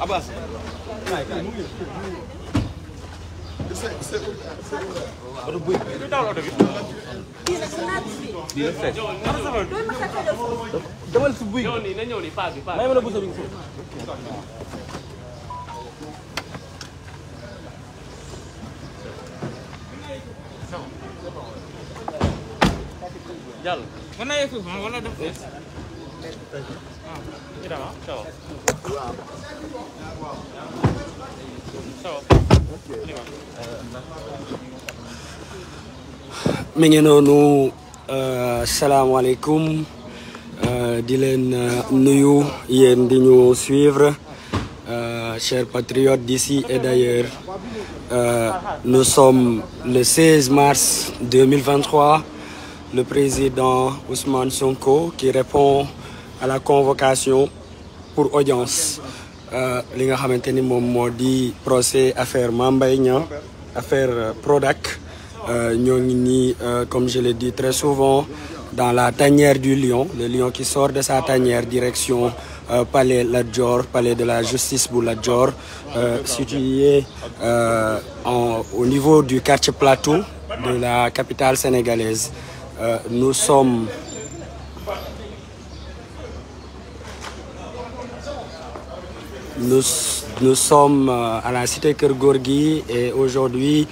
Abbas. oto buy. lii rek fees. demal si buy. may ma la bës a bind. jàll. mën naa yegg suuf wala def fees. euh ngi noonu euh, euh di len euh, nuyu yéen di ñu suivre euh, chers patriotes d'ici et d'ailleurs nous sommes le 16 mars 2023 le président Ousmane Sonko qui répond à la convocation pour audience li nga xamanteni mom mo di procès affaire Mambay Niang affaire Prodac Nyongini, euh, euh, comme je l'ai dit très souvent dans la tanière du lion le lion qui sort de sa tanière direction euh, palais palais de la justice pour la Dior situé au niveau du quartier Plateau de la capitale sénégalaise nous sommes nous, sommes à la cité Keur et aujourd'hui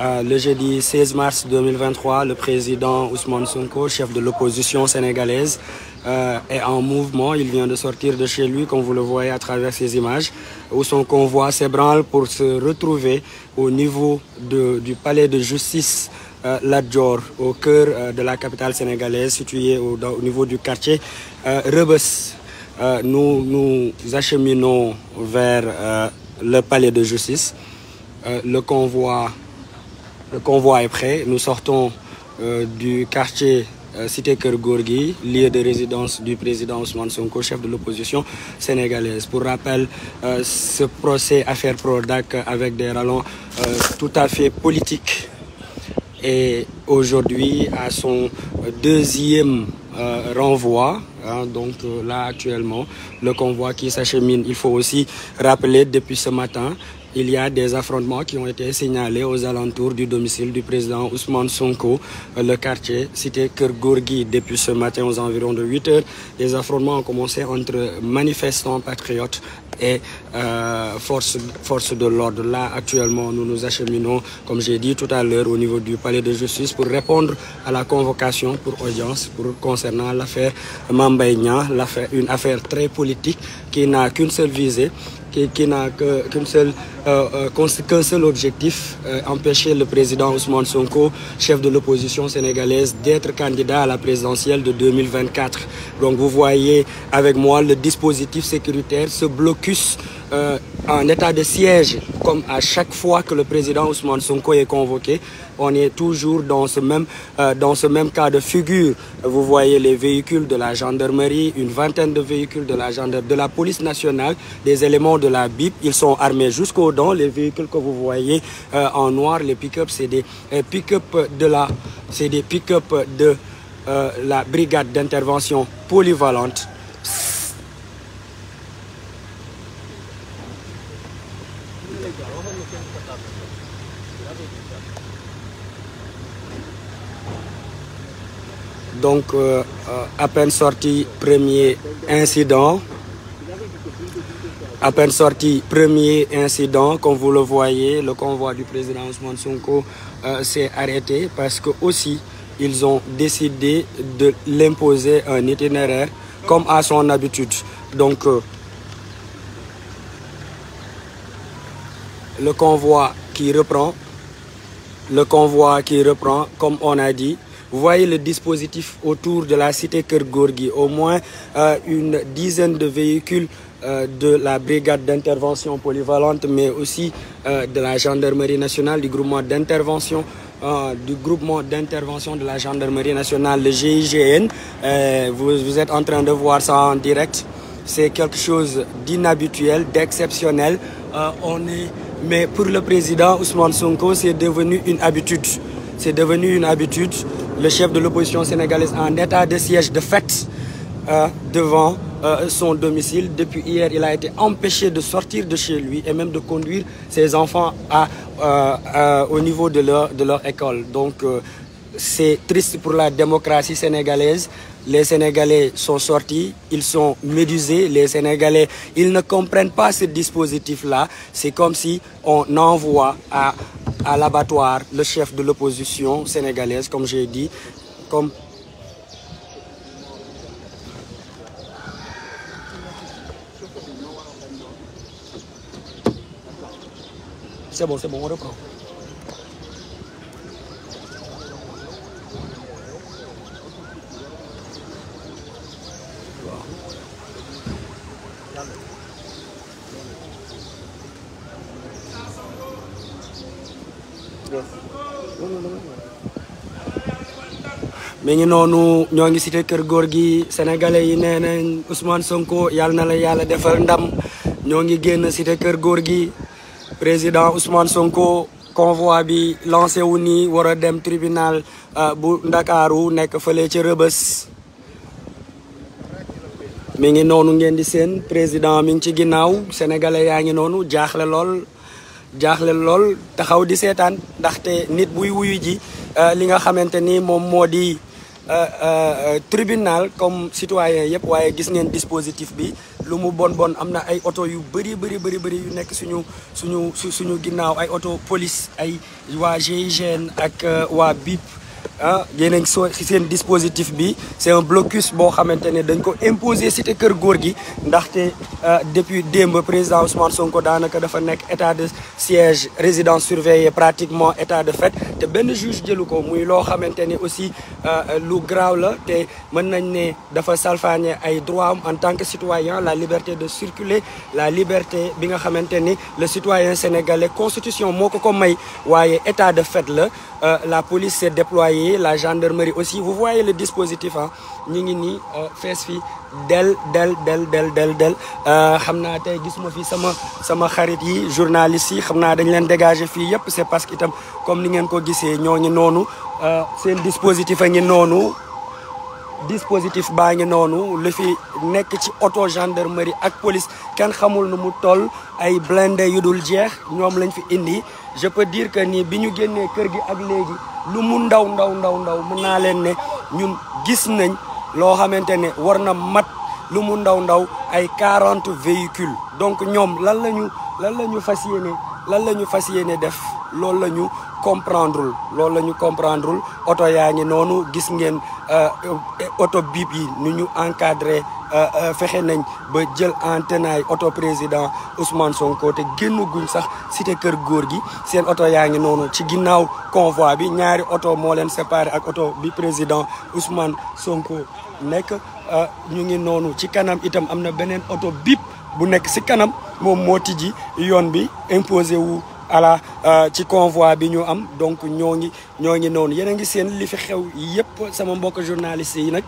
euh, le jeudi 16 mars 2023, le président Ousmane Sonko, chef de l'opposition sénégalaise, euh, est en mouvement. Il vient de sortir de chez lui, comme vous le voyez à travers ces images, où son convoi s'ébranle pour se retrouver au niveau du palais de justice euh, au cœur euh, de la capitale sénégalaise, située au, niveau du quartier Rebus. nous nous acheminons vers le palais de justice. le convoi le convoi est prêt. Nous sortons euh, du quartier euh, cité Cité Kergourgui, lieu de résidence du président Ousmane Sonko, chef de l'opposition sénégalaise. Pour rappel, euh, ce procès affaire Prodac avec des rallons tout à fait politiques Et aujourd'hui à son deuxième renvoi. Hein, donc là actuellement, le convoi qui s'achemine, il faut aussi rappeler depuis ce matin il y a des affrontements qui ont été signalés aux alentours du domicile du président Ousmane Sonko, le quartier cité Kergourgi depuis ce matin aux environs de 8 heures. Les affrontements ont commencé entre manifestants patriotes et euh, forces de l'ordre. Là, actuellement, nous nous acheminons, comme j'ai dit tout à l'heure, au niveau du palais de justice pour répondre à la convocation pour audience concernant l'affaire Mambaïna, une affaire très politique qui n'a qu'une seule visée, qui, n'a euh, euh, qu'un seul, euh, seul, objectif, empêcher le président Ousmane Sonko, chef de l'opposition sénégalaise, d'être candidat à la présidentielle de 2024. Donc vous voyez avec moi le dispositif sécuritaire, ce blocus euh, en état de siège, comme à chaque fois que le président Ousmane Sonko est convoqué, on est toujours dans ce même, euh, dans ce même cas de figure. Vous voyez les véhicules de la gendarmerie, une vingtaine de véhicules de la gendarmerie, de la police nationale, des éléments de la BIP. Ils sont armés jusqu'au dents. Les véhicules que vous voyez euh, en noir, les pick-up, c'est des pick-up de la, c'est des pick-up de la brigade d'intervention polyvalente Donc, euh, euh, à peine sorti premier incident, à peine sorti premier incident, comme vous le voyez, le convoi du président Ousmane Sonko euh, s'est arrêté parce que aussi ils ont décidé de l'imposer un itinéraire comme à son habitude. Donc, le convoi qui reprend, le convoi qui reprend, comme on a dit, vous voyez le dispositif autour de la cité Kergorgi, au moins euh, une dizaine de véhicules euh, de la brigade d'intervention polyvalente, mais aussi euh, de la gendarmerie nationale, du groupement d'intervention du groupement d'intervention de la gendarmerie nationale, le GIGN. vous, êtes en train de voir ça en direct. C'est quelque chose d'inhabituel, d'exceptionnel. on est, mais pour le président Ousmane Sonko, c'est devenu une habitude. C'est devenu une habitude le chef de l'opposition sénégalaise un état de siège de fait euh, devant euh, son domicile. Depuis hier, il a été empêché de sortir de chez lui et même de conduire ses enfants euh, au niveau de leur, de leur école. Donc, c'est triste pour la démocratie sénégalaise les Sénégalais sont sortis, ils sont médusés, les Sénégalais, ils ne comprennent pas ce dispositif-là. C'est comme si on envoie à, à l'abattoir le chef de l'opposition sénégalaise, comme j'ai dit, C'est bon, c'est bon, on reprend. mi ngi noonu ñoo ngi ci te kër góor gi sénégalais yi nee nañ Ousmane Sonko yàlla na la yàlla defar ndam ñoo ngi génn ci te kër góor gi président Ousmane Sonko convoi bi lancé wu nii war a dem tribunal euh, bu Ndakaaru nekk fële ca Rëbës mi ngi noonu ngeen di seen président mi ngi ci ginnaaw sénégalais yaa ngi noonu jaaxle lool jaaxle lol taxaw di seetaan ndaxte nit buy wuyu ji euh, li nga xamanteni mom modi di euh, euh, tribunal comme citoyen yep waye gis ngeen dispositif bi lu mu bon bon amna ay auto yu beuri beuri beuri beuri yu nek suñu suñu suñu ginnaw ay auto police ay wa GIGN ak wa BIP ah un dispositif bi c'est un blocus qui a dañ ko imposer cité keur góor ndaxte euh, depuis démb président Ousmane Sonko danaka dafa un état de siège résidence surveillée pratiquement état de fait te benn juge jëlu un muy qui a été aussi euh, lu graaw la te mën nañ né dafa en tant que citoyen la liberté de circuler la liberté bi nga le citoyen sénégalais constitution moko ko may état de fait la euh, la police s'est déployée la gendarmerie aussi vous voyez le dispositif nous hein. euh, fi del del del del del del euh, journaliste yi dégager fi c'est parce que comme ni ngeen ko nonu euh, dispositif dispositif nonu fi ci auto gendarmerie ak police ken xamul nu mu toll ay blindé je peux dire que nii bi ñu génnee kër gi ak léegi lu mu ndaw ndaw ndaw ndaw mën naa leen ne ñun gis nañ loo xamante ne war na mat lu mu ndaw ndaw ay quarante véhicules donc ñoom lan la ñu lan la ñu fas yéene lan la ñu fas yéene def loolu la ñu comprendrewul loolu la ñu comprendrewul oto yaa ngi noonu gis ngeen euh, oto biib yi nu ñu encadré euh, euh, fexe nañ ba jël en tenaille oto président Ousmane Sonko te génn guñ sax cité kër góor gi seen oto yaa ngi noonu ci ginnaaw convoi bi ñaari oto moo leen séparé ak oto bi président Ousmane Sonko nekk ñu ngi noonu ci kanam itam am na beneen oto biib bu nekk si kanam moom moo tijji yoon bi imposé wu. ala euh, ci convoi bi ñu am donc ñoo ngi ñoo ngi noonu yéen a ngi seen li fi xew yépp sama mbokk journaliste yi nag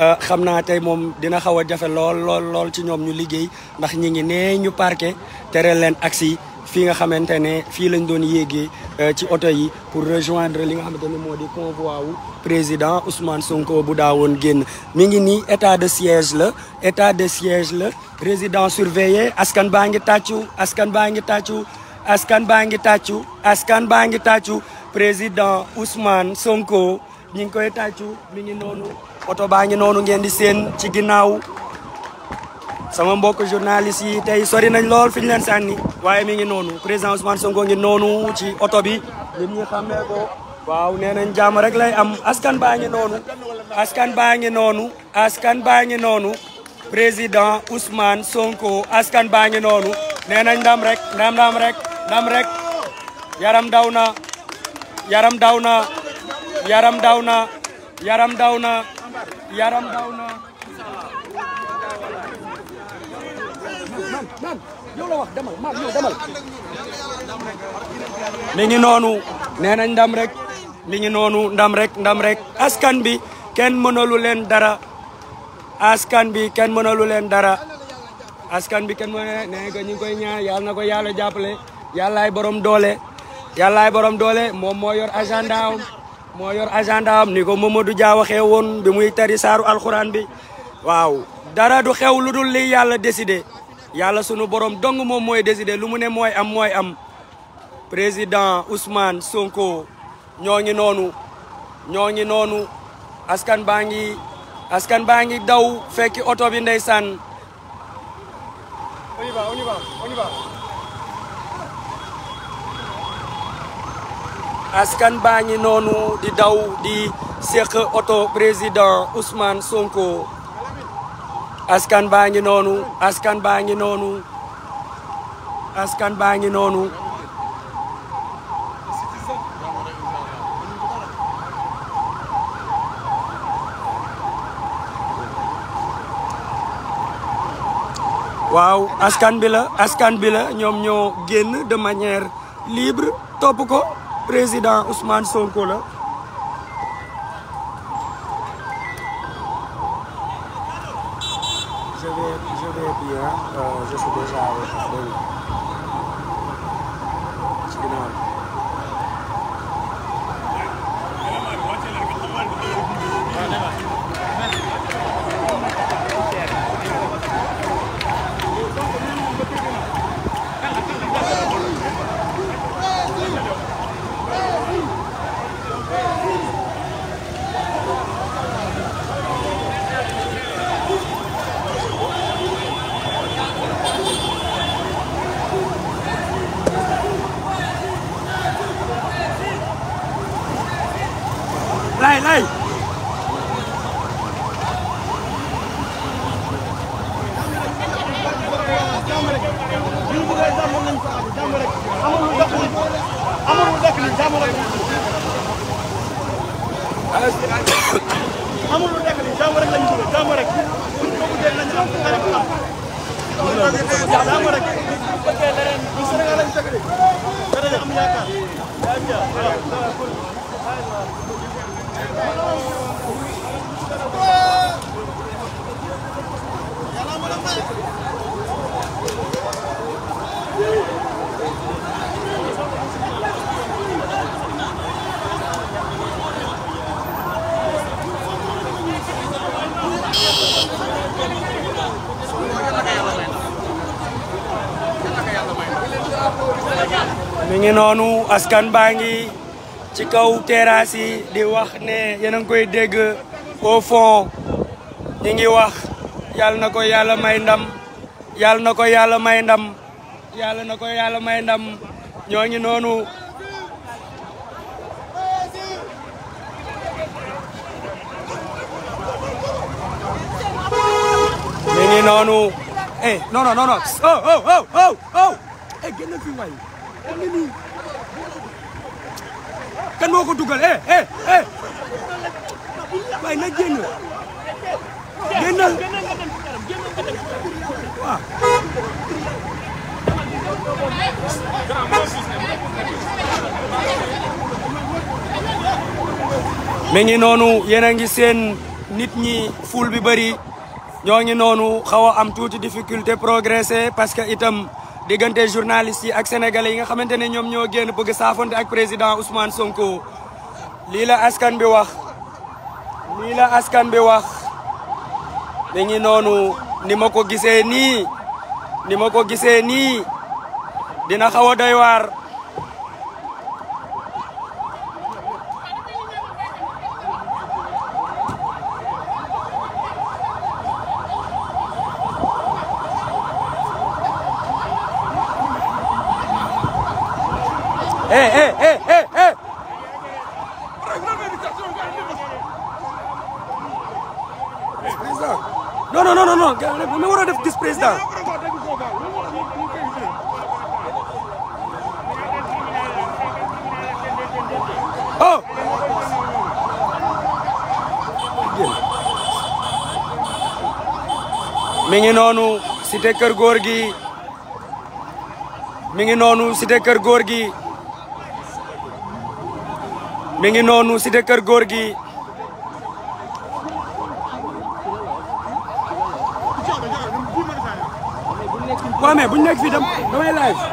euh, xam naa tey moom dina xaw a jafe lool lool lool ci ñoom ñu liggéey ndax ñi ngi nee ñu parqué tere leen agsi fii nga xamante ne fii lañ doon yéegee euh, ci oto yi pour rejoindre li nga xamante ne moo di convoi wu président Ousmane Sonko bu daawoon génn mi ngi nii état de siège la état de siège la résident surveillé askan baa ngi tàccu askan baa ngi tàccu askan baa ngi tàccu askan baa ngi tàccu président Ousmane Sonko ñu ngi koy tàccu mi ngi noonu oto baa ngi noonu ngeen di seen ci ginnaaw sama mbokk journaliste yi tey sori nañ lool fi ñu leen sànni waaye mi ngi noonu président Ousmane Sonko ngi noonu ci oto bi ñun ñu xàmmee waaw nee nañ jàmm rek lay am askan baa ngi noonu askan baa ngi noonu askan baa ngi noonu président Ousmane Sonko askan baa ngi noonu nee nañ rek ndam rek ndam rek yaram daw na yaram daw na yaram daw na yaram daw na yaram daw na mi ngi noonu nee nañ ndam rek mi ngi noonu ndam rek ndam rek askan bi kenn mënalu leen dara askan bi kenn mënalu leen dara askan bi kenn mënalu leen nee ko ñu ngi koy ñaan yàlla na ko yàlla jàppale yàllaay boroom doole yàllaay borom doole moom moo yor agenda am moo yor agenda am ni ko Mamadou Dia waxee woon bi muy tari saaru alxuraan bi waaw dara du xew lu dul li yàlla décidé yàlla sunu borom dong moom mooy désidé lu mu ne mooy am mooy am président Ousmane Sonko ñoo ngi noonu ñooñi noonu askan baa ngi askan baa ngi daw fekki oto bi ndeysaan on askan bañi nonu di daw di cheikh auto président Ousmane Sonko askan bañi nonu askan bañi nonu askan bañi nonu Wow, askan bi la askan bi la ñom ñoo génn de manière libre top ko président Ousmane Sonko la nonu noonu askan baa ngi ci kaw terrasse yi di wax ne yéen a ngi koy dégg au fond ñi ngi wax yàlla na ko yàlla may ndam yàlla na ko yàlla may ndam yàlla na ko may ndam ñoo ngi noonu mi eh non non non non oh oh oh oh oh eh génn fi waay kan mau ko dugal eh eh eh waaye na génn génnal waaw mi ngi noonu yéen a ngi seen nit ñi ful bi bëri ñoo ngi am difficulté progresser parce que itam diggante journaliste yi ak sénégalais yi nga xamante ne ñoom ñoo génn bëgg saafonte ak président Ousmane Sonko lii la askan bi wax lii la askan bi wax mi noonu ni ma ko gisee nii ni ma ko gisee nii dina xaw a eh eh eh eh eh non non non non mi war a def dis président oh mi ngi noonu cité kër góor gi mi ngi noonu cité kër góor gi mi ngi noonu cité kër góor gi waaw mais bu ñu nekk fii damay live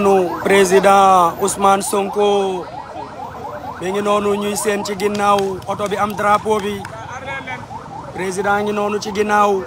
noonu président Ousmane Sonko mi ngi noonu ñuy seen ci ginnaaw oto bi am drapeau bi président ngi noonu ci ginnaaw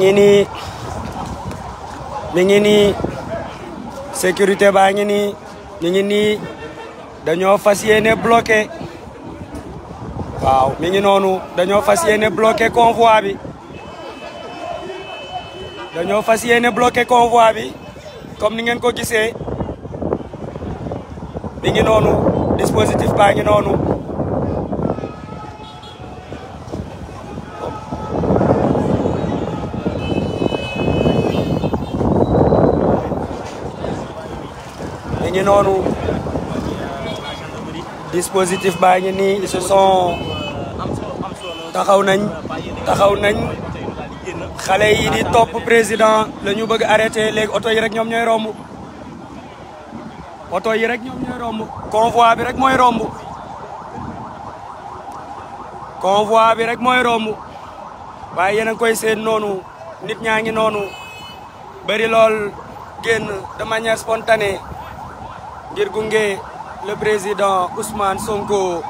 ngi nii mi ngi nii sécurité baa ngi nii mi nii dañoo fas yéene bloqué waaw mi ngi noonu dañoo fas yéene bloqué convoi bi dañoo fas yéene bloqué convoi bi comme ni ngeen ko gisee mi ngi noonu dispositif baa ngi noonu nonu, dispositif bañi ni ce sont taxaw nañ taxaw nañ xalé yi di top président lañu bëgg arrêter léegi auto yi rek ñom ñoy rombu auto yi rek ñom ñoy rombu, convoi bi rek moy rombu convoi bi rek moy rombu waye yéen koy seen nonu nit ñaa nonu bari lol genn de manière spontanée ngir gunge le président Ousmane Sonko.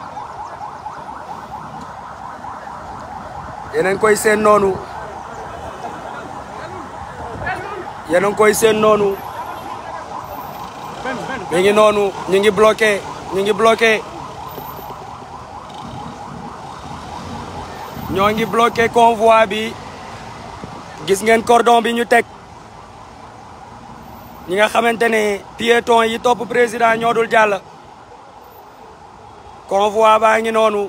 yeneen koy seen noonu. yeneen koy seen noonu. mi ngi noonu ñu ngi bloqué ñu ngi bloqué. ñoo ngi bloqué convoi bi. gis ngeen kordon bi ñu teg. ñi nga xamante ne piéton yi topp président ñoo dul jàll convoi baa ngi noonu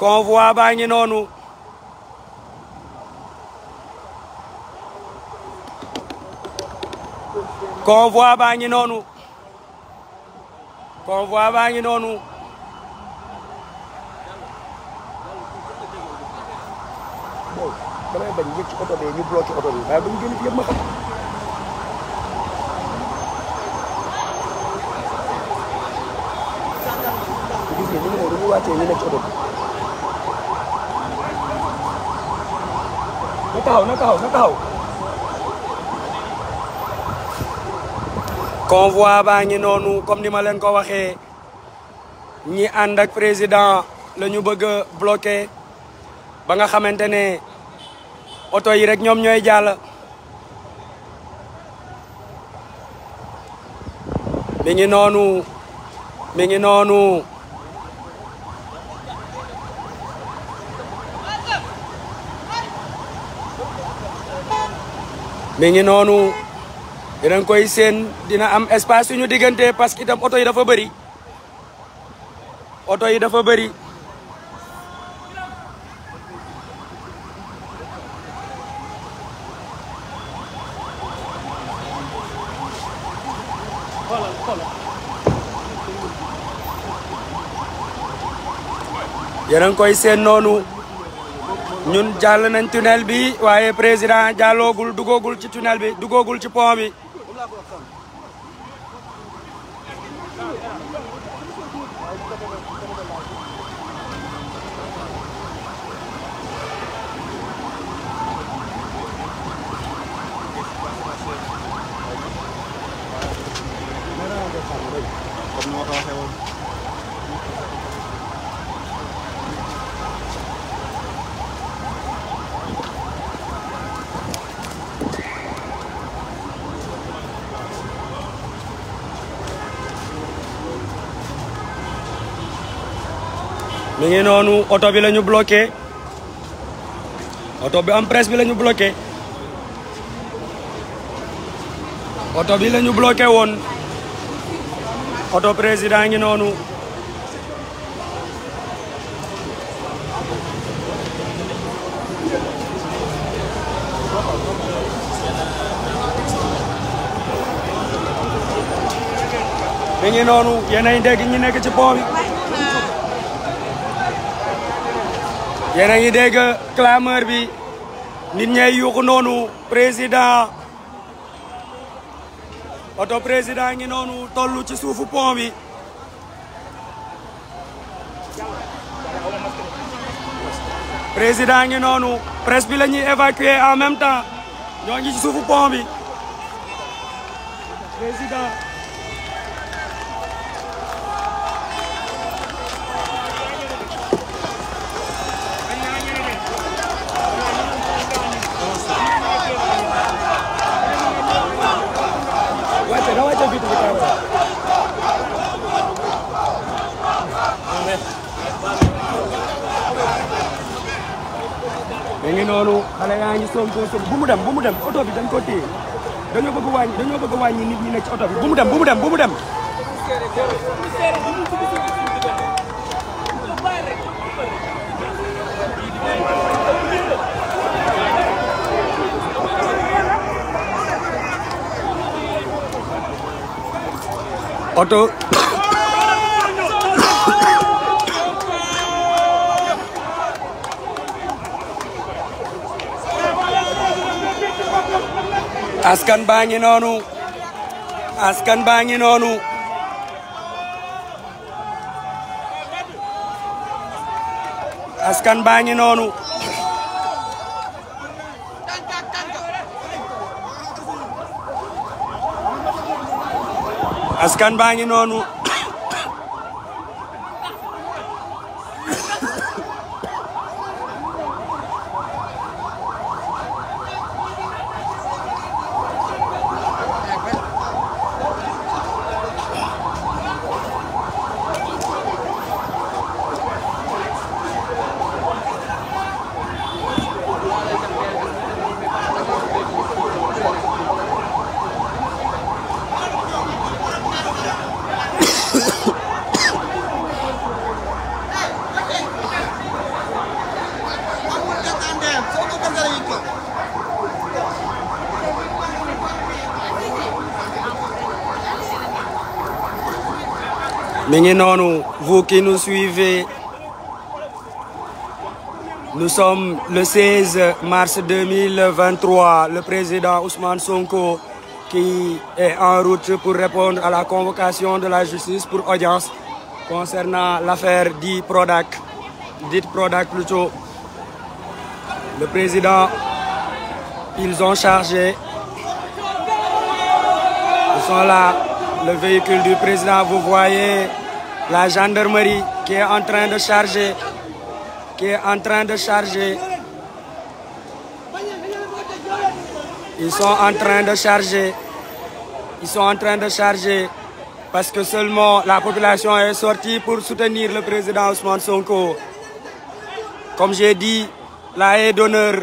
convoi baa ngi noonu convoi baa ngi noonu convoi baa ngi noonu damay bi ñu oto bi wyłączył nie leci robi. Nakahau, nakahau, convoi à baa ngi noonu comme ni ma leen ko waxee ñi ànd ak président la ñu bëgg a bloqué ba nga xamante ne oto yi rek ñoom ñooy jàll. mi ngi noonu mi ngi noonu. mi nonu dinañ koy seen dina am espace suñu digënté parce que itam oto yi dafa bëri auto yi dafa bëri Yang a ngi koy seen noonu ñun jàll nañ tunnel bi waaye président jaaloogul dugoogul ci tunnel bi dugoogul ci pont bi mi ngi noonu oto bi lañu bloqué auto bi am presse bi lañu bloqué auto bi lañu bloqué won auto président ngi nonu ngi ñi nekk ci bo bi yéen a ngi dégg clameur bi nit ñay yuuxu noonu président oto président ngi noonu tollu ci suufu pont bi président ngi noonu presse bi la ñuy évacuer en même temps ñoo ngi ci suufu pont bi ngi noonu xale yaa ngi sonko sonko bu mu dem bu mu dem oto bi dañ ko téye dañoo bëgg wàññi dañoo bëgg wàññi nit ñi nekk ci oto bi bu mu dem bu mu dem bu askan baa ngi noonu askan baa ngi noonu askan baa ngi noonu askan baa ngi noonu non vous qui nous suivez nous sommes le 16 mars 2023 le président Ousmane Sonko qui est en route pour répondre à la convocation de la justice pour audience concernant l'affaire dit Prodac dite Prodac plutôt le président ils ont chargé ils sont là le véhicule du président vous voyez la gendarmerie qui est en train de charger, qui est en train de charger. Ils sont en train de charger. Ils sont en train de charger parce que seulement la population est sortie pour soutenir le président Ousmane Sonko. Comme j'ai dit, la haie d'honneur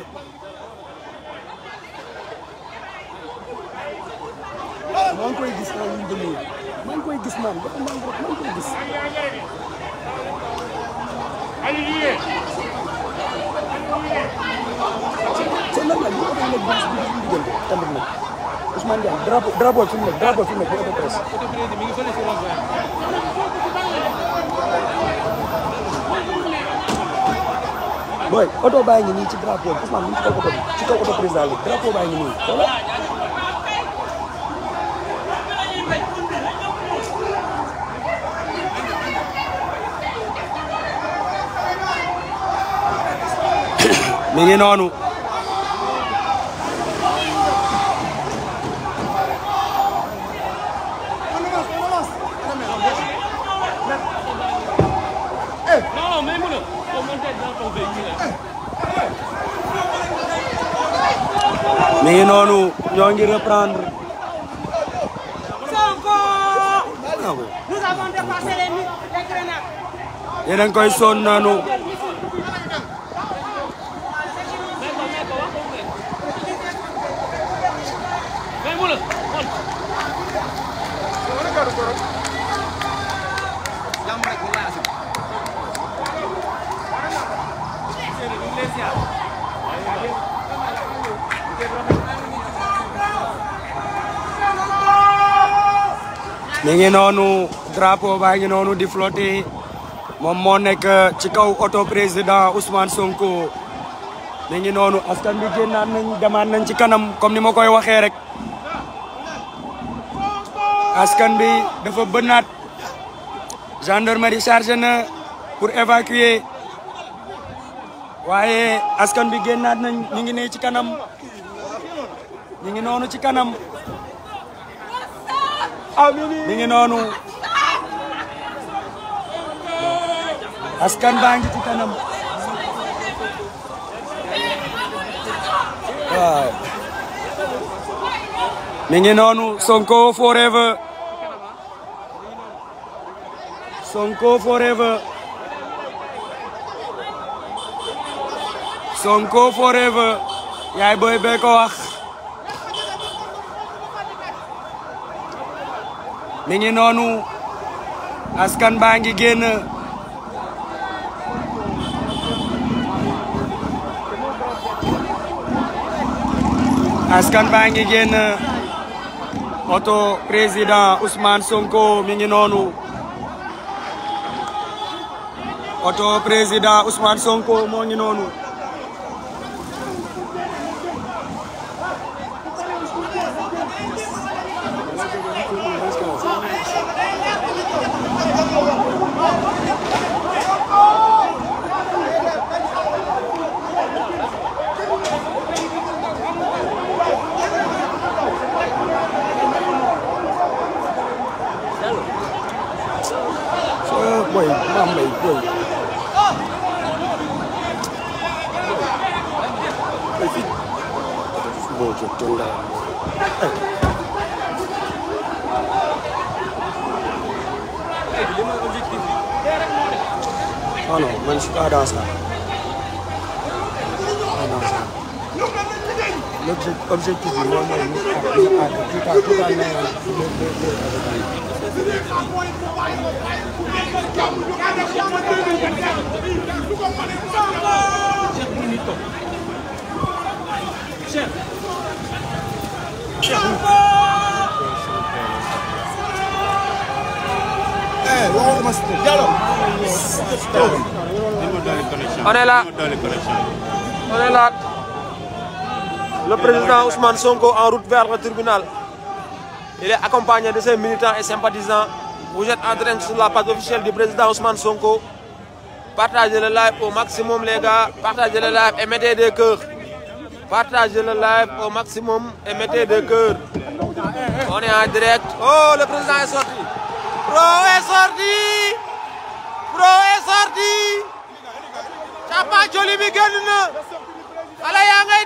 drapeau fi mu nekk drapeau fi mu nekk oto presse. booy oto baa ngi nii ci drapeau bi Ousmane mu ngi ci kaw oto bi ci kaw oto président bi drapeau baa ngi nii wala. mi ngi noonu. mi ngi noonu ñoo ngi reprendre. Sonko. Nous avons dépassé les murs des grenades. yéen a ngi koy sonn nañu. mi ngi noonu drapeau baa ngi noonu di flotter moom moo nekk ci kaw oto président Ousmane Sonko mi ngi noonu askan bi génnaat nañ demaat nañ ci kanam comme ni ma koy waxee rek askan bi dafa bënnaat gendarmerie chargé na pour évacuer waaye askan bi génnaat nañ ñu ngi ne ci kanam ñu ngi noonu ci kanam mi ngi noonu askan baa ngi ci kanam waaw mi noonu Sonko forever Sonko forever Sonko forever yaay ko wax mi ngi noonu askan baa ngi génn askan baa ngi génn oto président Ousmane Sonko mi ngi noonu oto président Ousmane Sonko moo ngi noonu Sonko en route vers le tribunal. Il est accompagné de ses militants et sympathisants. Vous êtes en train de sur la page officielle du président Ousmane Sonko. Partagez le live au maximum, les gars. Partagez le live et mettez des cœurs. Partagez le live au maximum et mettez des cœurs. On est en direct. Oh, le président est sorti. Pro est sorti. Pro est sorti. Chapa Joli Miguel. Allez,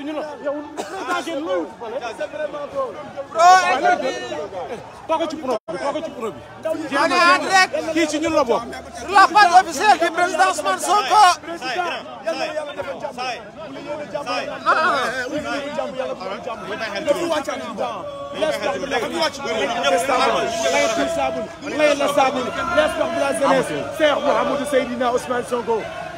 Sinilo, eu não ludo, mano. Tá sempre André, que Sinilo na boca. Lá faz oficial que presidente Osman Sonko.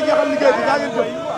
جاي خلي قلبي جاي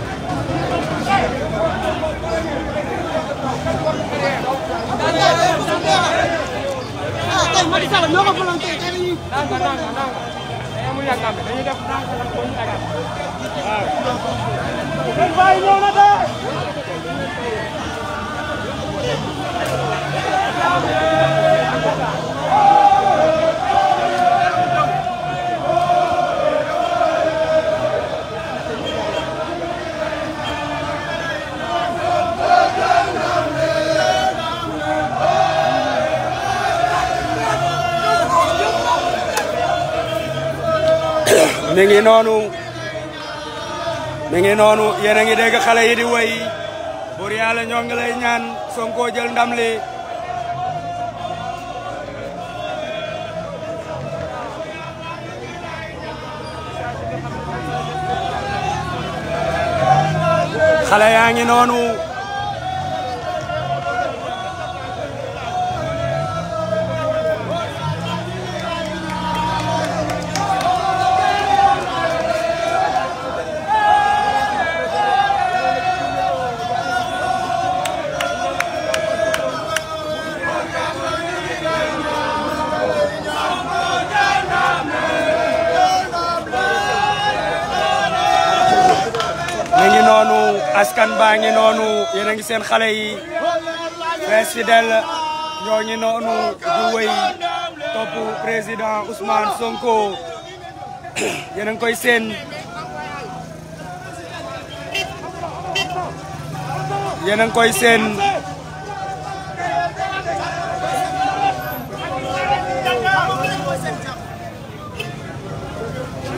tey Macky Sall ñoo ko volonté tey dañuy. nanga nanga nanga tey amul yaakaar dañuy def nanga nag moo ñu yaakaar. waaw. seen baa yi ñëw na de. Yeah. mi ngi noonu mi ngi noonu yéen a ngi dégg xale yi di woy bur yàlla ñoo ngi lay ñaan Sonko jël ndam li xale yaa ngi noonu yaa ngi noonu yéen a ngi seen xale yi fees ci del ñoo ngi noonu di wëy topp président Ousmane Sonko yéen a ngi koy seen yéen a ngi koy seen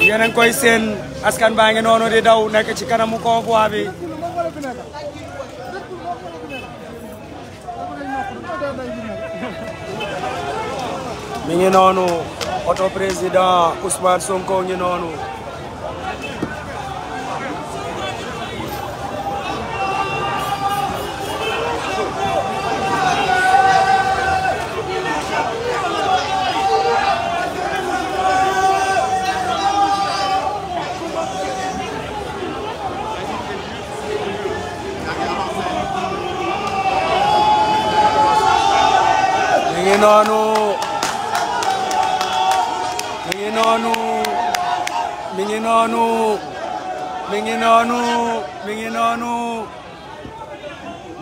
yéen a ngi koy seen askan baa ngi noonu di daw nekk ci kanamu convoi bi ñu presidente noonu oto président Ousmane Sonko ngi não noonu noonu mi ngi noonu mi ngi noonu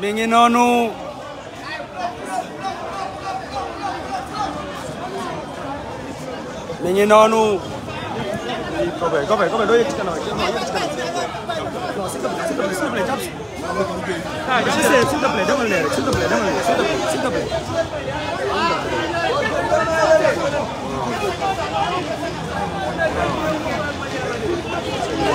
mi ngi noonu mi ngi noonu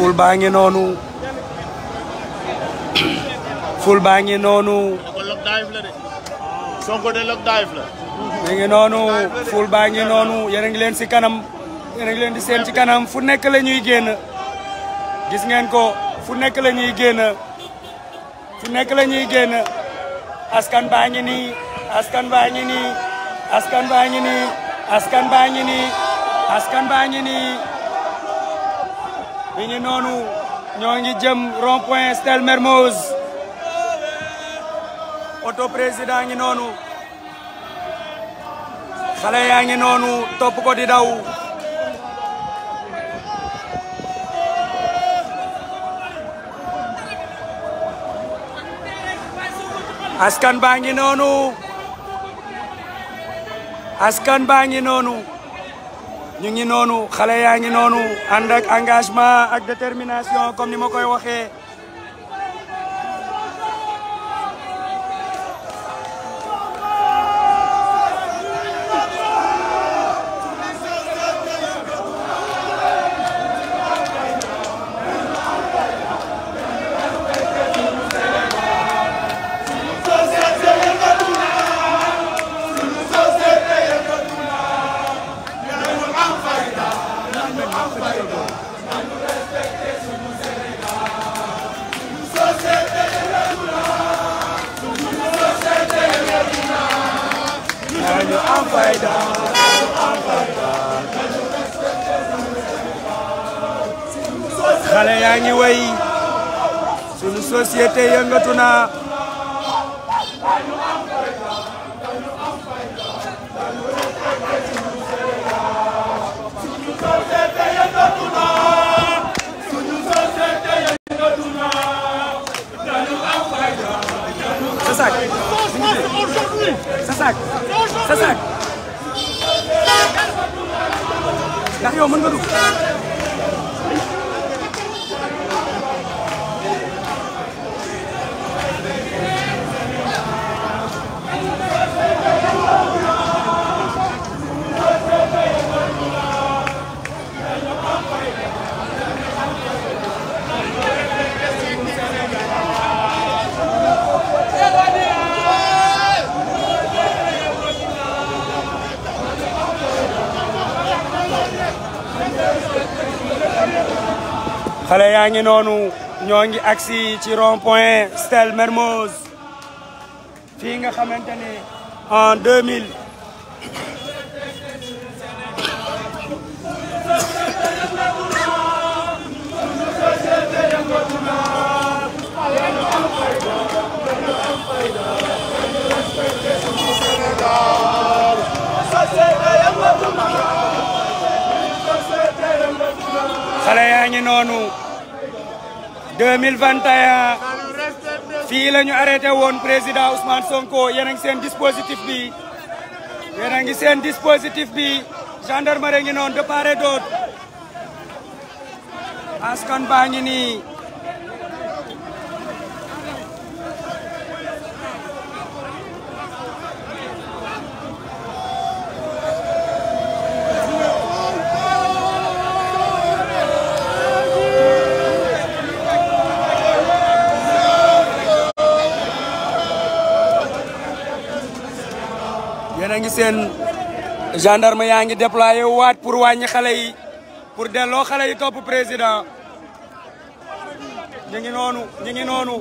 ful baa ngi noonu ful baa ngi noonu mi ngi baa ngi noonu leen si kanam yéen leen di seen ci kanam fu nekk la ñuy génn gis ngeen ko fu nekk la ñuy génn fu nekk la ñuy génn askan baa ngi askan baa ngi askan baa ngi askan baa ngi askan baa ngi biñu nonu noonu ñoo ngi jëm rond point Stel Mermoz oto président ngi nonu xalé yang ngi nonu topp ko di daw askan baa ngi askan baa ngi ñu ngi noonu xale yaa ngi noonu ànd engagement ak détermination comme ni ma koy waxee yaa ngi noonu ñoo ngi agsi ci rond point Stèle Mermoz fii nga xamante ni en 2000 xale yaa ngi noonu 2021 fii lañu ñu arrêté woon président Ousmane Sonko yéen a ngi seen dispositif bi yéen a ngi seen dispositif bi gendarmerie ngi noon de part et d'autre askan baa ngi nii seen yaa ngi déployé waat pour wàññi xale yi pour delloo xale yi topp président ñu ngi noonu ñu ngi noonu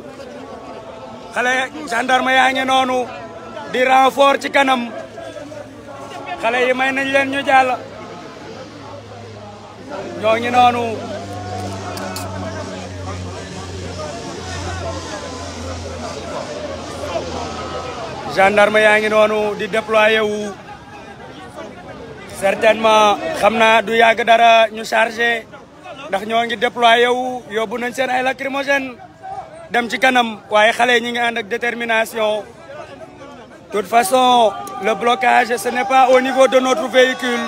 xale gendarme yaa ngi noonu di renfort ci kanam xale yi may nañ leen ñu jàll ñoo ngi noonu gendarme yaa ngi noonu di déployer certainement xam na du yàgg dara ñu chargé ndax ñoo ngi déployer wu yóbbu nañ seen ay lacrymogène dem ci kanam waaye xale yi ñu ngi ànd détermination toute façon le blocage ce n'est pas au niveau de notre véhicule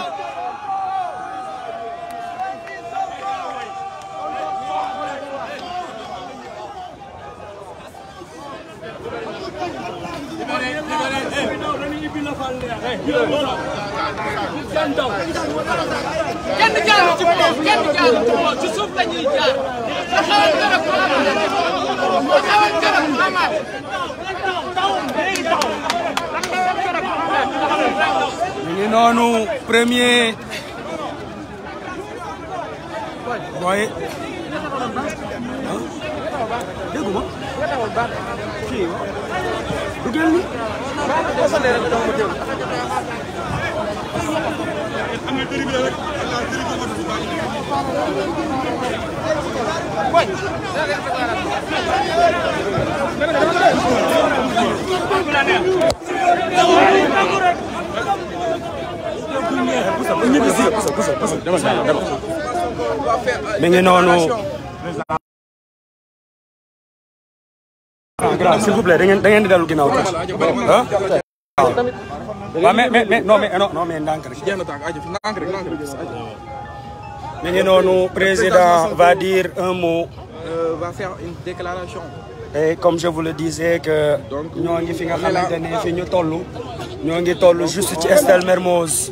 kenn daw kenn jaarul ci premier boy déggu ma ngi noonu Ah, s'il vous plaît rien mais président va dire un mot. Euh, faire une déclaration. et comme je vous le disais que ñoo juste Estelle Mermoz.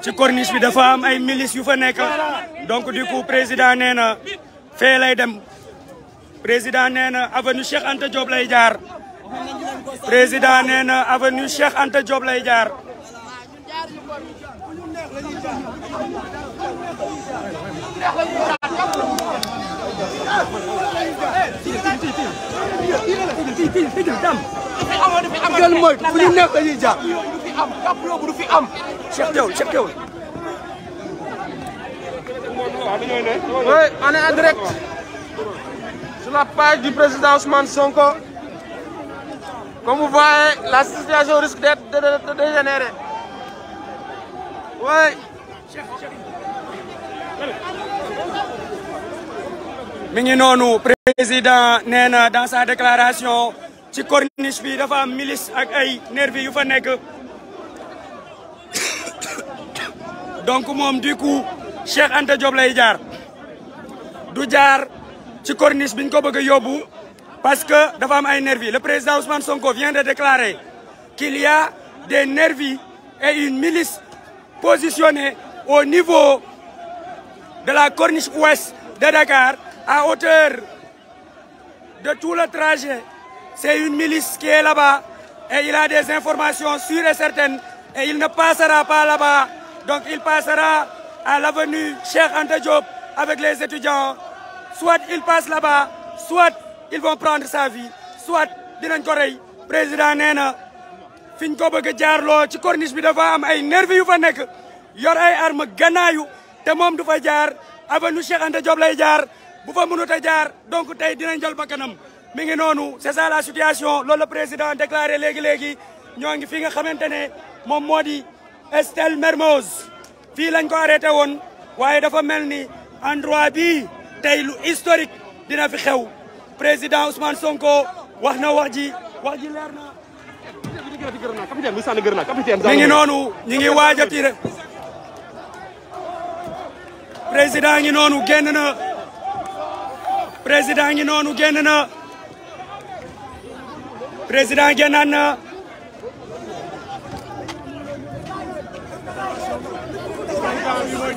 ci corniche bi dafa am ay milices yu fa nekk donc du coup président nee na fee lay dem président nee na avenue Cheikh Anta Diop lay jaar président nee na avenue Cheikh Anta Diop lay jaar jël mooy fu direct sur la page du président Ousmane Sonko comme vous voyez risque de, de, de dégénérer Nous ngi président nena dans sa déclaration ci corniche bi dafa am milice ak ay nervis. yu fa nek donc mom du coup Cheikh Anta lay jaar du jaar ci corniche biñ ko bëgg yobbu parce que dafa am ay nervis. le président Ousmane Sonko vient de déclarer qu'il y a des nervis et une milice positionnée au niveau de la corniche ouest de Dakar à hauteur de tout le trajet. C'est une milice qui est là-bas et il a des informations sûres et certaines et il ne passera pas là-bas. Donc il passera à l'avenue Cheikh Ante Diop avec les étudiants. Soit il passe là-bas, soit ils vont prendre sa vie. Soit dinañ ko rey président néna fiñ ko bëgg yu fa bu fa mënut a jaar donc tey dinañ jël bakkanam mi ngi noonu c'est la situation loolu la président déclaré léegi léegi ñoo ngi fi nga xamante ne moom moo di Estelle Mermoz fii lañ ko arrêté woon waaye dafa mel ni endroit bi tey lu historique dina fi xew président Ousmane Sonko wax na wax ji wax ji leer na. mi ngi noonu ñi ngi waaj a tiré président ngi noonu génn na. président ngi noonu génn na président génnaat na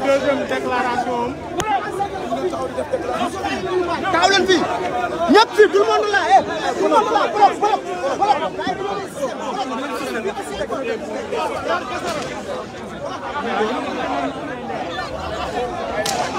deuxième déclaration taw leen fii ñëpp fii tout le monde là eh tout le monde là prop prop prop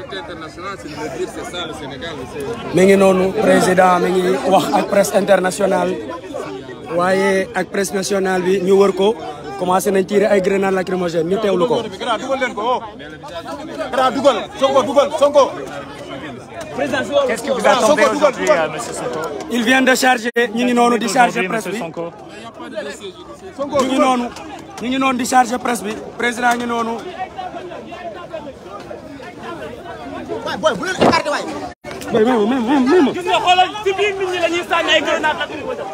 international non président presse internationale waaye la presse nationale bi ñu commencé nañ tirer ay grenades lacrymogènes ce vous euh, monsieur Il vient de charger charger presse charger presse président waay booy bu leen écarté waay. booy may ma may ma may ma. gis nga xoolal ci biir nit ñi la ñuy sànni ay grenade ak ñu ko jox.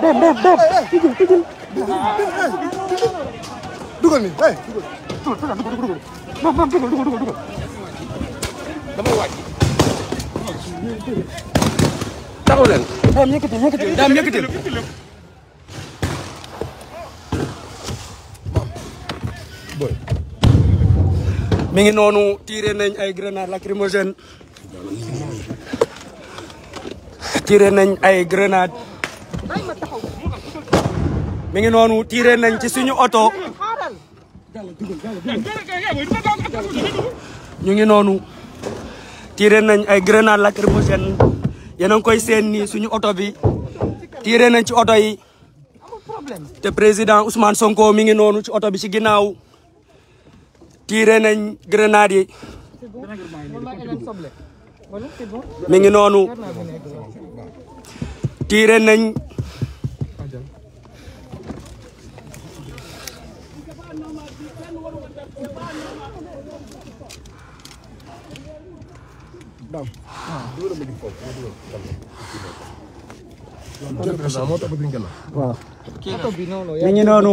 dem dem dem tijjel tijjel. dugal nii hey dugal dugal dugal dugal maam maam dugal dugal dugal dugal. damay wàcc. taxaw leen. daam yëkkati yëkkati daam yëkkati. mi ngi noonu tiré nañ ay grenade lacrymogène tiire nañ ay grenade mi ngi noonu tiré nañ ci suñu oto ñu ngi noonu tiré nañ ay grenade lacrymogène yéen a ngi koy seen nii suñu oto bi tiré nañ ci oto yi te président Ousmane Sonko mi ngi noonu ci oto bi ci ginnaaw tiire nañ grenade yi mi ngi mi ngi noonu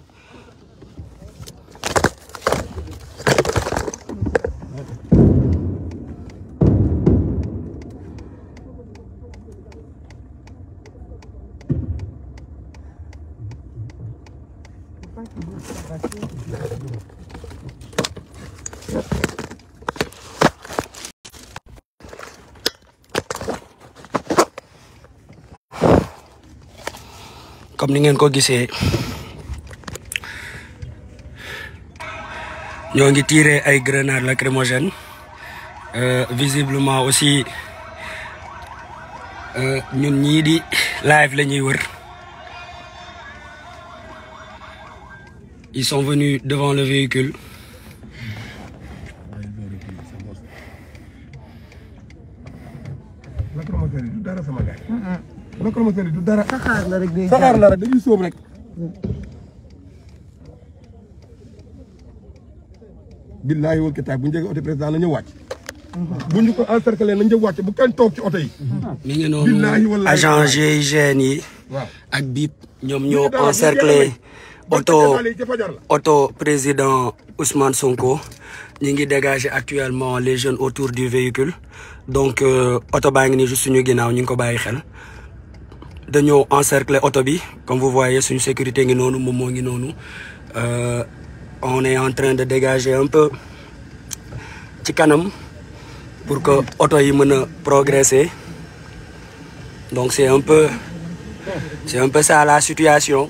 comme ni ngeen ko gisee ñoo tiré ay grenades lacrymogènes euh, visiblement aussi euh, ñun ñii di live la wër ils sont venus devant le véhicule promoteur yi du dara. saxaar la rek saxaar la rek dañuy sóob rek. billahi wal kitaab bu njëkk oto président la ñu wacc buñu ko encercler na ñu wacc bu kenn tok ci auto yi. mi ngi noonu agent GIGN yi. ak BIP ñom ñoo encercler auto auto président Ousmane Sonko. ñi ngi dégager actuellement les jeunes autour du véhicule donc euh, oto baa ngi nii juste ñu ginaaw ñu ko bayyi xel dañoo encercler encerclé bi comme vous voyez une sécurité ngi nonu mom euh, on est en train de dégager un peu ci kanam pour que auto yi progresser donc c'est un peu c'est un peu ça la situation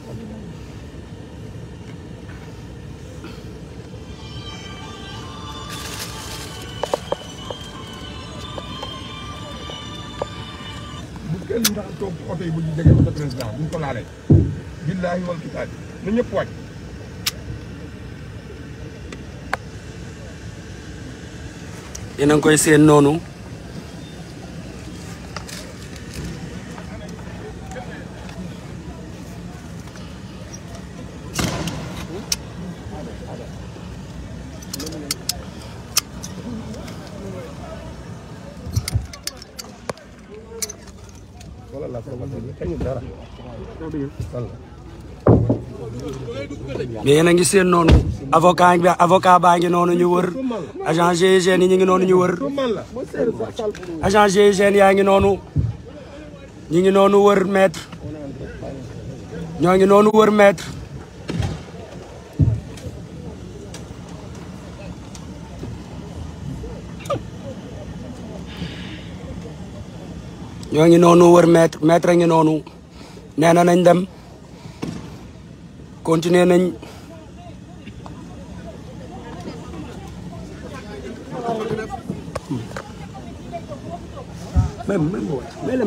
oto yi bu ñu jege oto président bu ñu ko laalee. billaahi wal kitaabi na ñëpp wàcc. yéen a ngi koy seen noonu. mais yéen a ngi seen noonu avocat bi avocat baa ngi noonu ñu wër agent GIGN yi ñu ngi noonu ñu wër agent GIGN yaa ngi noonu ñu ngi noonu wër maître ñoo ngi noonu wër maître ñoo ngi noonu wër maître a ngi noonu nañ dem continuer nañ may ma may ma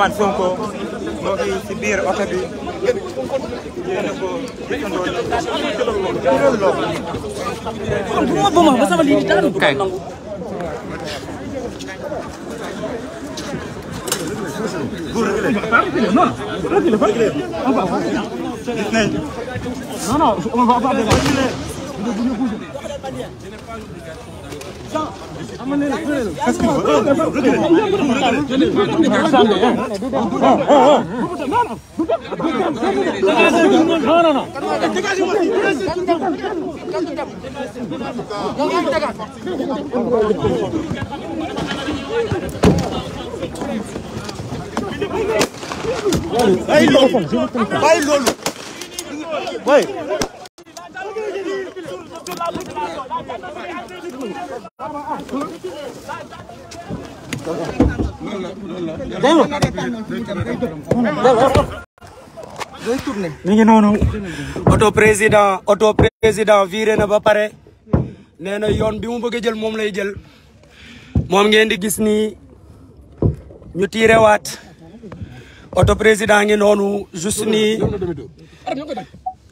wàcc moo fi si oto bi yéen a ko ma bëma ba lii di gis nañ. non non on va pas Ay loolu ay loolu boy ñu ngi noonu oto président oto président viré na ba pare nee na yoon bi mu bëgg a jël moom lay jël moom ngeen di gis nii ñu tiirewaat oto président ngi noonu juste nii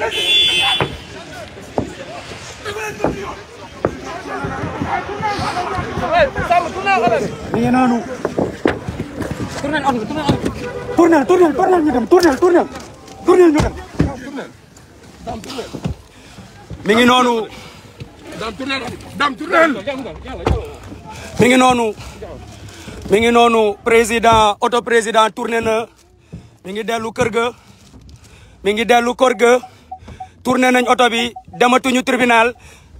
mi ngi noonu. tournel oto bi tournel mi ngi noonu. mi ngi noonu. mi ngi noonu président auto président tourné na. mi ngi dellu kër ga. mi ngi dellu kër ga. tourné nañ oto bi dematuñu tribinal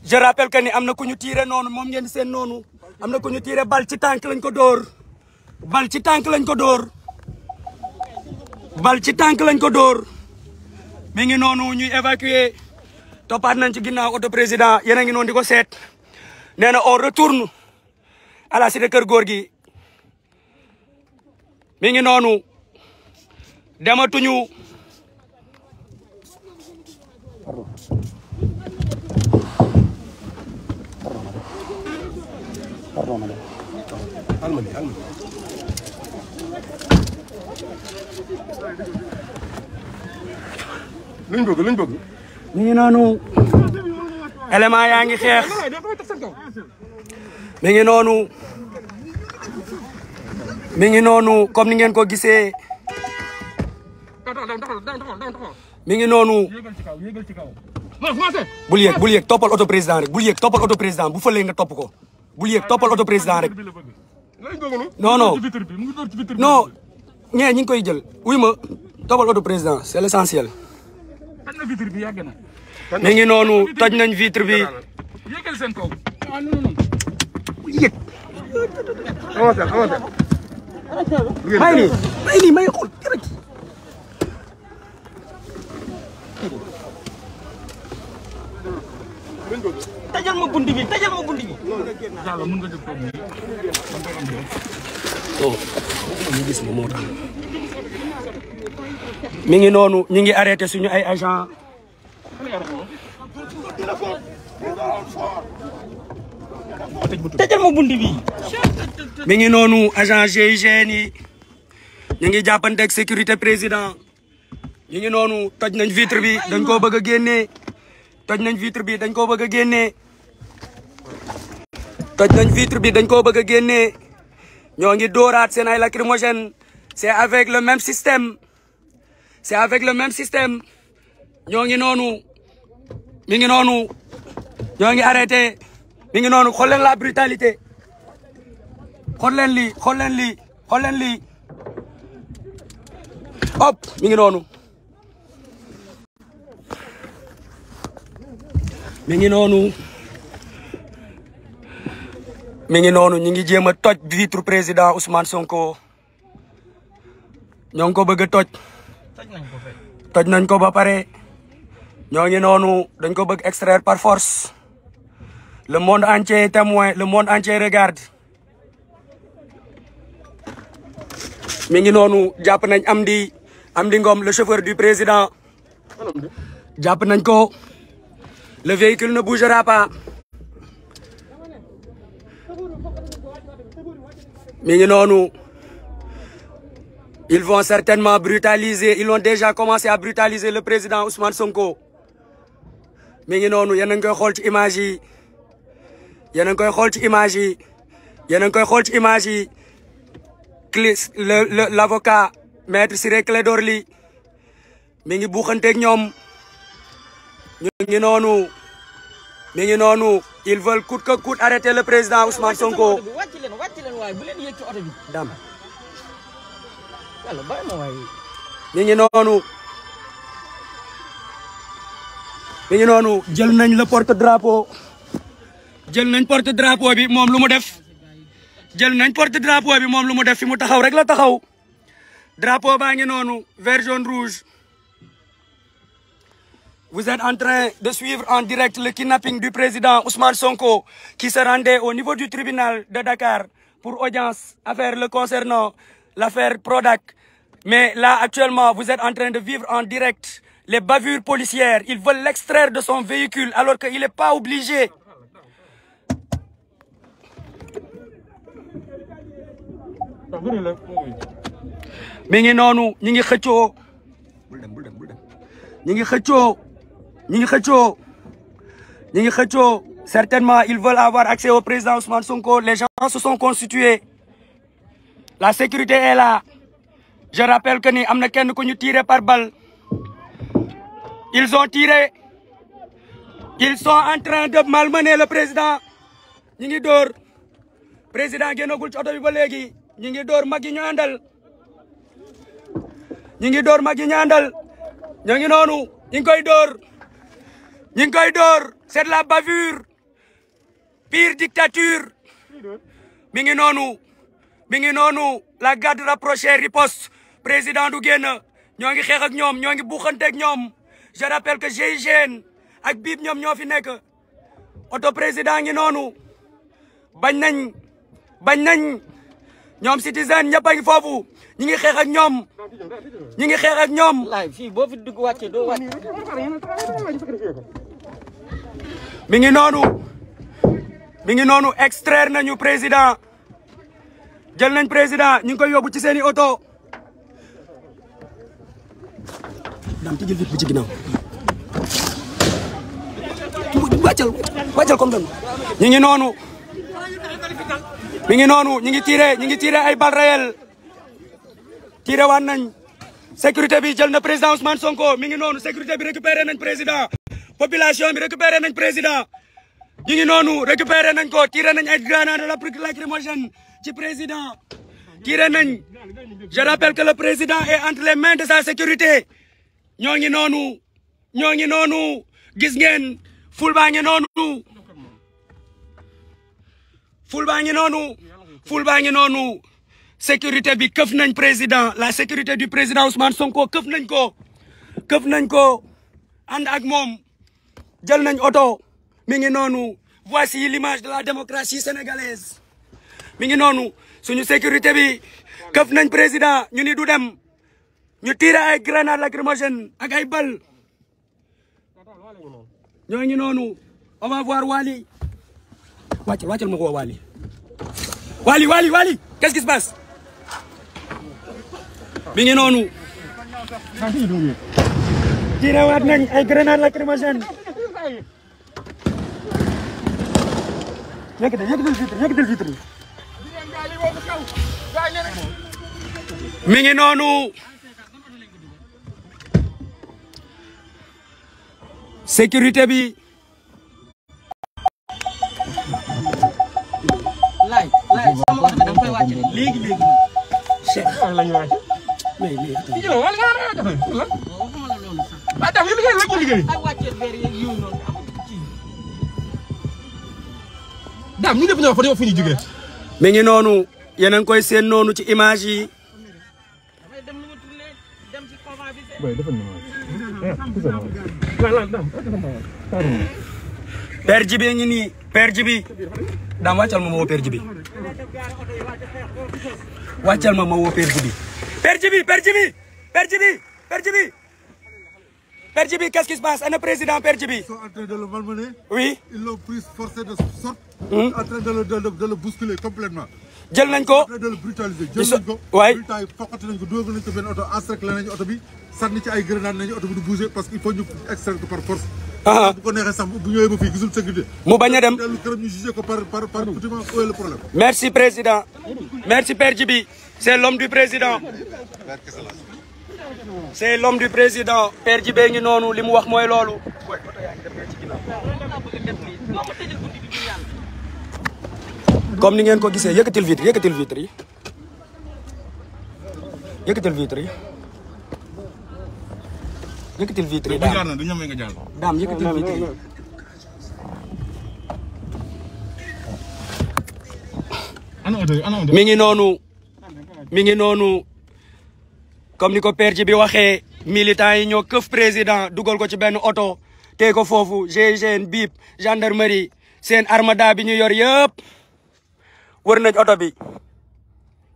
je rappelle que ni am na ku ñu tiire noonu moom ngeen seen noonu am na ku ñu tiire bal ci tànk lañ ko dóor bal ci tànk lañ ko dóor bal ci tànk lañ ko dóor mi ngi noonu ñuy évacuer toppaat nañ ci ginnaaw oto président yéen a ngi noonu di ko seet nee na on retourne à la cité kër góor gi mi ngi noonu dematuñu pardon pardon madame pardon ñu ngi noonu élément yaa ngi xeex mi ngi noonu mi ngi noonu comme ni ngeen ko gisee mi ngi noonu. bul yéeg bul yéeg toppal oto président rek bul yéeg toppal oto président bu fëlee nga topp ko bul yéeg toppal oto président rek. non non non ñee ñi ngi koy jël wuy ma toppal oto président c'est l'essentiel. mi ngi noonu toj na vitre bi. yéeg. may nii may nii may xool tajal mo bundi bi tajal mo bundi bi. yàlla mën nga mi ngi nonu ñi ngi arrêté suñu ay agent mi ngi agent GIGN ñu ngi noonu toj nañ vitre bi dañ koo bëgg a génnee toj nañ vitre bi dañ koo bëgg a génnee toj nañ vitre bi dañ koo bëgg a génnee ñoo ngi dóoraat seen ay lacrymogène c'est avec le même système c'est avec le même système ñoo ngi noonu mi ngi noonu ñoo ngi arrêté mi ngi noonu xool leen la brutalité xool leen lii xool leen lii xool mi ngi noonu mi ngi noonu mi ngi noonu ñu ngi jéem a toj vitre président Ousmane Sonko ñoo ngi ko bëgg a toj. toj nañ ko ba pare ñoo ngi noonu dañ ko bëgg extraire par force le monde entier est témoin le monde entier regarde. mi ngi noonu jàpp nañ Amdi Amdi Ngom le chauffeur du président jàpp nañ ko. Le véhicule ne bougera pas. Ils vont certainement brutaliser. Ils ont déjà commencé à brutaliser le président Ousmane Sonko. Mais il y a une image. Il y a une image. Il y a une image. L'avocat, maître Siré Clédorli, il ngi noonu mi ngi noonu ils veulent que coûte arrêter le président Ousmane Sonko. dam mi ngi noonu. jël nañ la porte drapeau. jël nañ porte drapeau bi moom lu mu def. jël nañ porte drapeau bi moom lu mu def fi mu taxaw rek la taxaw. drapeau baa ngi noonu vert rouge. Vous êtes en train de suivre en direct le kidnapping du président Ousmane Sonko qui se rendait au niveau du tribunal de Dakar pour audience affaire le concernant l'affaire Prodac. Mais là actuellement, vous êtes en train de vivre en direct les bavures policières. Ils veulent l'extraire de son véhicule alors qu'il n'est pas obligé. Mais certainement ils veulent avoir accès au président Ousmane Sonko les gens se sont constitués la sécurité est là je rappelle que nous avons kenn tiré par balle ils ont tiré ils sont en train de malmener le président Nous ngi Le président qui ci oto bi ba léegi ñi ngi dóor mag ñu ñi c'est de la bavure pire dictature mi ngi noonu mi ngi la garde rapprochée riposte président du nyongi ñoo ngi nyongi ak ñoom ñoo ngi ak je rappelle que GIGN ak bib ñoom ñoo fi nekk président ngi noonu bañ nañ bañ nañ ñoom citoyen ñëpp a ngi foofu ñi ngi xeex ak ñoom ñi ngi si ak ñoom. fii boo fi mingi nonu mingi nonu extraire nañu président jël nañ président ñu ngi koy yobu ci seeni dam daam jël vite bu ci ginnaaw wajal wajal comme dan ñu ngi noonu mi ngi noonu ngi tiré ñu ngi tiré ay bal réel tiré waan nañ sécurité bi jël na président Ousmane Sonko mingi nonu sécurité bi récupérer nañ président population bi récupéré nañ président ñu ngi noonu récupéré nañ ko tiré nañ ay grenades lacrymogènes ci président tiré nañ je rappelle que le président est entre les mains de sa sécurité ñoo ngi noonu ñoo ngi noonu gis ngeen ful baa ngi noonu ful baa ngi noonu ful baa ngi noonu sécurité bi këf nañ président la sécurité du président Ousmane Sonko këf nañ ko këf nañ ko ànd ak moom jël nañ auto mi ngi nonu voici l'image de la démocratie sénégalaise mi ngi nonu suñu sécurité bi keuf nañ président ñu ni du dem ñu tirer ay grenade lacrymogène ak ay bal ñoo ngi nonu on va voir Wali wàccal wàccal mo ko Wali Wali Wali Wali qu'est-ce qui se passe mi ngi nonu tiire nañ ay grenade lacrymogène yëkkatal yëkkatal vitre mi ngi noonu sécurité bi laay daam ñu ñëpp ñoo ma ñoo fu ñu jugee. mi ngi noonu yéen a ngi koy seen noonu ci image yi. père ji bi ngi nii père ji bi ma ma woo père ji bi wàccal ma ma woo père ji bi père ji bi Père Djibi, qu'est-ce qui se passe Un président Père Djibi Ils sont en train de le malmener. Oui. Ils l'ont pris forcé de sorte, mmh. en train de le, de, de le bousculer complètement. Ils sont en train de le brutaliser jël nañ ko waay brutaliser fokkati nañ ko doog nañ ko benn oto encercler nañu oto bi sànni ci ay grenade nañu bouger parce que faut ñu extraire par force ah. bu ko neexee sax bu ñëwee ba fii sécurité le merci président merci père Djibi c'est l'homme du président c'est l'homme du président père ji nonu ngi noonu li mu wax mooy loolu comme ni ngeen ko gisee yëkkatil vitre yëkkatil vitre yi yëkkatil vitre yi yëkkatil vitre yi daam daam yëkkatil vitre nonu. mi ngi mi ngi comme ni ko père ji bi waxee militants yi ñoo këf président dugal ko ci benn oto te ko foofu GIGN biib gendarmerie seen armada bi ñu yor yëpp wër nañ oto bi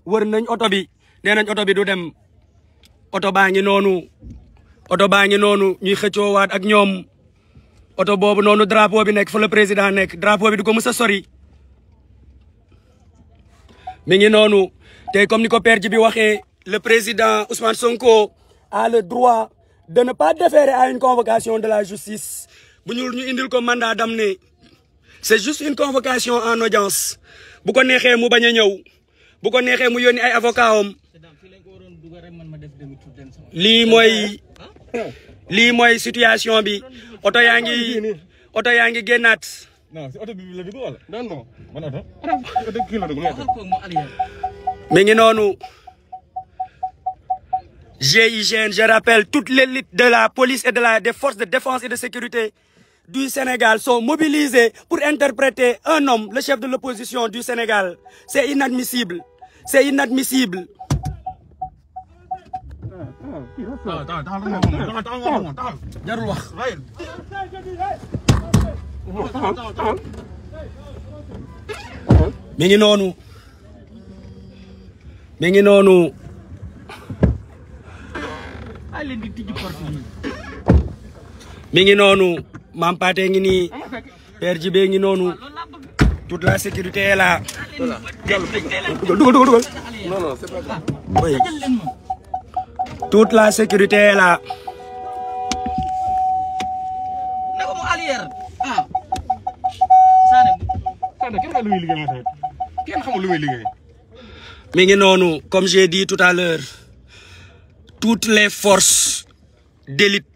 wër nañ oto bi nee nañ oto bi du dem oto baa ngi noonu oto baa ngi noonu ñuy xëccoowaat ak ñoom oto boobu noonu drapeau bi nekk fa la président nekk drapeau bi du ko mës a sori mi ngi noonu te comme ni ko père ji bi waxee le président Ousmane Sonko a le droit de ne pas déférer à une convocation de la justice bu ñu indil mandat d'amener c'est juste une convocation en audience bu ko neexee mu bañ a bu ko mu ay avocat situation bi Non, non, GIGN, je rappelle, toute l'élite de la police et de la, des forces de défense et de sécurité du Sénégal sont mobilisées pour interpréter un homme, le chef de l'opposition du Sénégal. C'est inadmissible. C'est inadmissible. Mais ay leen di tijji porte yi mi ngi noonu Mame Pathé ngi nii eh, Père Djibé ngi noonu toute la sécurité est là non non c'est pas toute la sécurité est là nako mo ah lu mi ngi comme j'ai dit tout à l'heure toutes les forces d'élite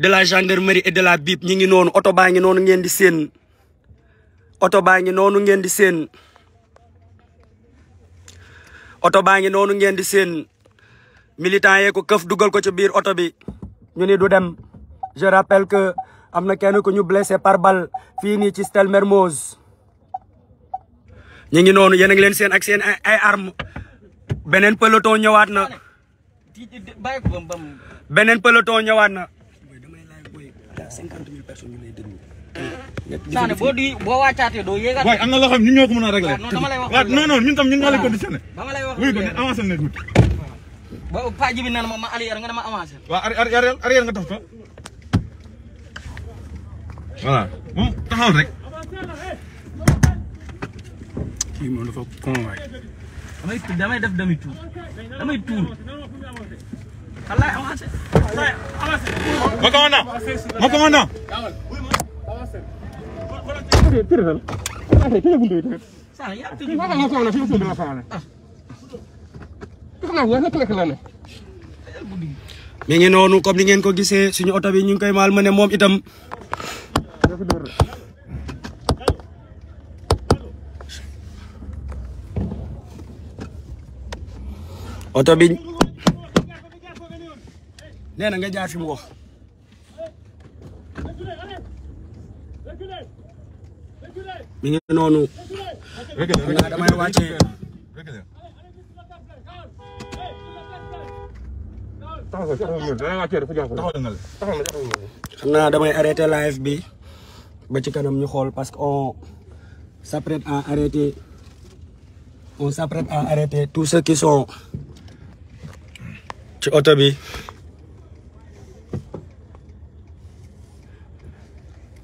de la gendarmerie et de la BIP ñi ngi non auto ba ngi non ngeen di seen auto ba ngi non ngeen di seen auto ba ngi non ngeen di seen militant yé ko keuf duggal ko ci biir auto bi ñu ni du dem je rappelle que amna kenn ko ñu blessé par balle fi ni ci Stel Mermoz ñi ngi non ngi len seen ak seen ay arme benen peloton ñewat na benen pelotonya warna. peloton ñëwaat na. booy damay laaj booy cinquante mille personnes ñu lay déglu. saane boo di boo wàccaatee doo yéegaat. booy am na loo xam ñun ñoo ko mën a réglé. non dama lay rek. ma damay def demi tour damay tour wallaay avancé wallaay ma commandant ma commandant mi ngi noonu comme ni ngeen ko gisee suñu oto bi ñu ngi koy ma ne moom itam oto bi nee na nga jaar fi mu wax mi ngi naa damay wàcce xam naa damay arrêté live bi ba ci kanam ñu xool parce que on s'apprête à arrêter on s'apprête à arrêter tous ceux qui sont Czy o tobie?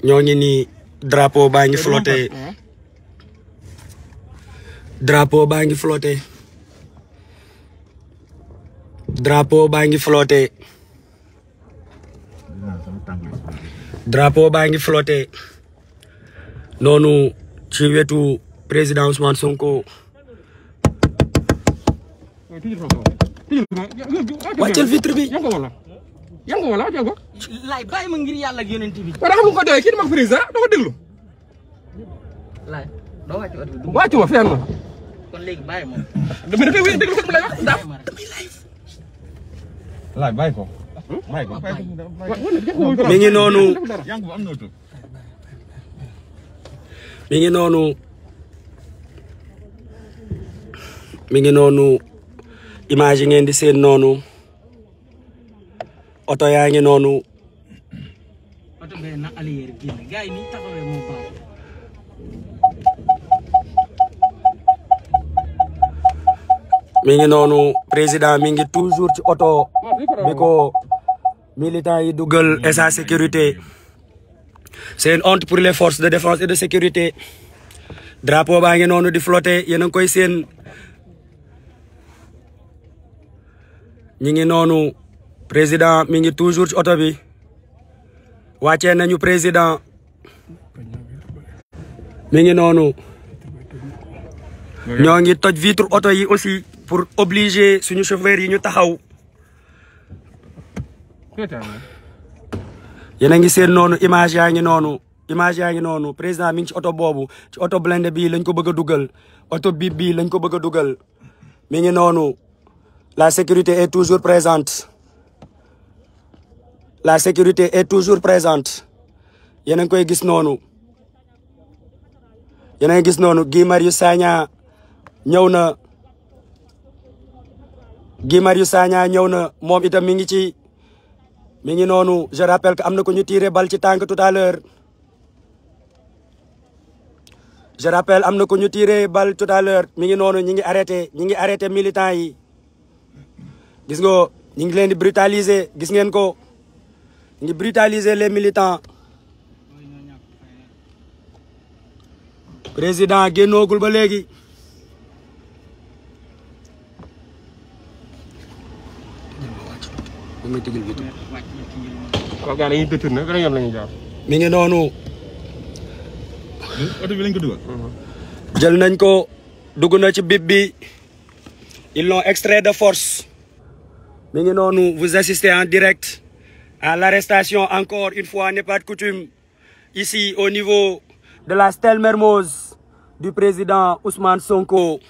Nie ni drapo bangi flote. Drapo bangi flote. Drapo bangi flote. Drapo bangi flote. Nonu ci wetu president Ousmane Sonko. wàccal vitre bi yaa ngi ko wala yaa ngi ko wala wàccal ko. Laye bàyyi ma ngir yàlla ak yonent bi. waaw da nga ko doyee kii di mag président ah, da ko déglu. Laye doo wàcc oto bi. wàcc ma fenn. kon léegi bàyyi ma. mais dafay wéy déglu ko mu lay wax ndax damay live. Laye bàyyi ko. bàyyi ko mi ngi noonu. mi ngi noonu. mi ngi noonu. image yi ngeen di seen noonu oto yaa ngi noonu. mi ngi noonu président mi ngi toujours ci oto bi ko militants yi dugal et sa sécurité c'est une pour les forces de défense et de sécurité drapeau baa ngi noonu di flotter yéen a ngi koy seen. ñi ngi noonu président mi ngi toujours ci oto bi wàccee nañu président mi ngi noonu ñoo ngi toj vitre oto yi aussi pour obliger suñu chauffeur yi ñu taxaw yéen a ngi seen noonu image yaa ngi noonu image yaa ngi noonu président mi ngi ci oto boobu ci oto blindé bii lañ ko bëgg a dugal oto biib bii lañ ko bëgg a dugal mi ngi noonu La sécurité est toujours présente. La sécurité est toujours présente. yéen a ngi gis noonu yéen a ngi gis noonu Guy Marius Sagna ñëw Guy Marius Sagna ñëw Mom itam mi ngi ci je rappelle que am na ko ñu tiré bal ci tout à l'heure je rappelle am na ko ñu bal tout à l'heure mi ngi noonu ñi ngi arrêté ñi arrêté militants yi gis nga ñu ngi leen di brutaliser gis ngeen ko ñu ngi les militants président génnoogul ba léegi mi ngi noonu mhm. jël nañ ko dugg na ci bib bi ils l'ont extrait de force nous vous assistez en direct à l'arrestation encore une fois n'est pas de coutume ici au niveau de la Stèle Mermoz du président Ousmane Sonko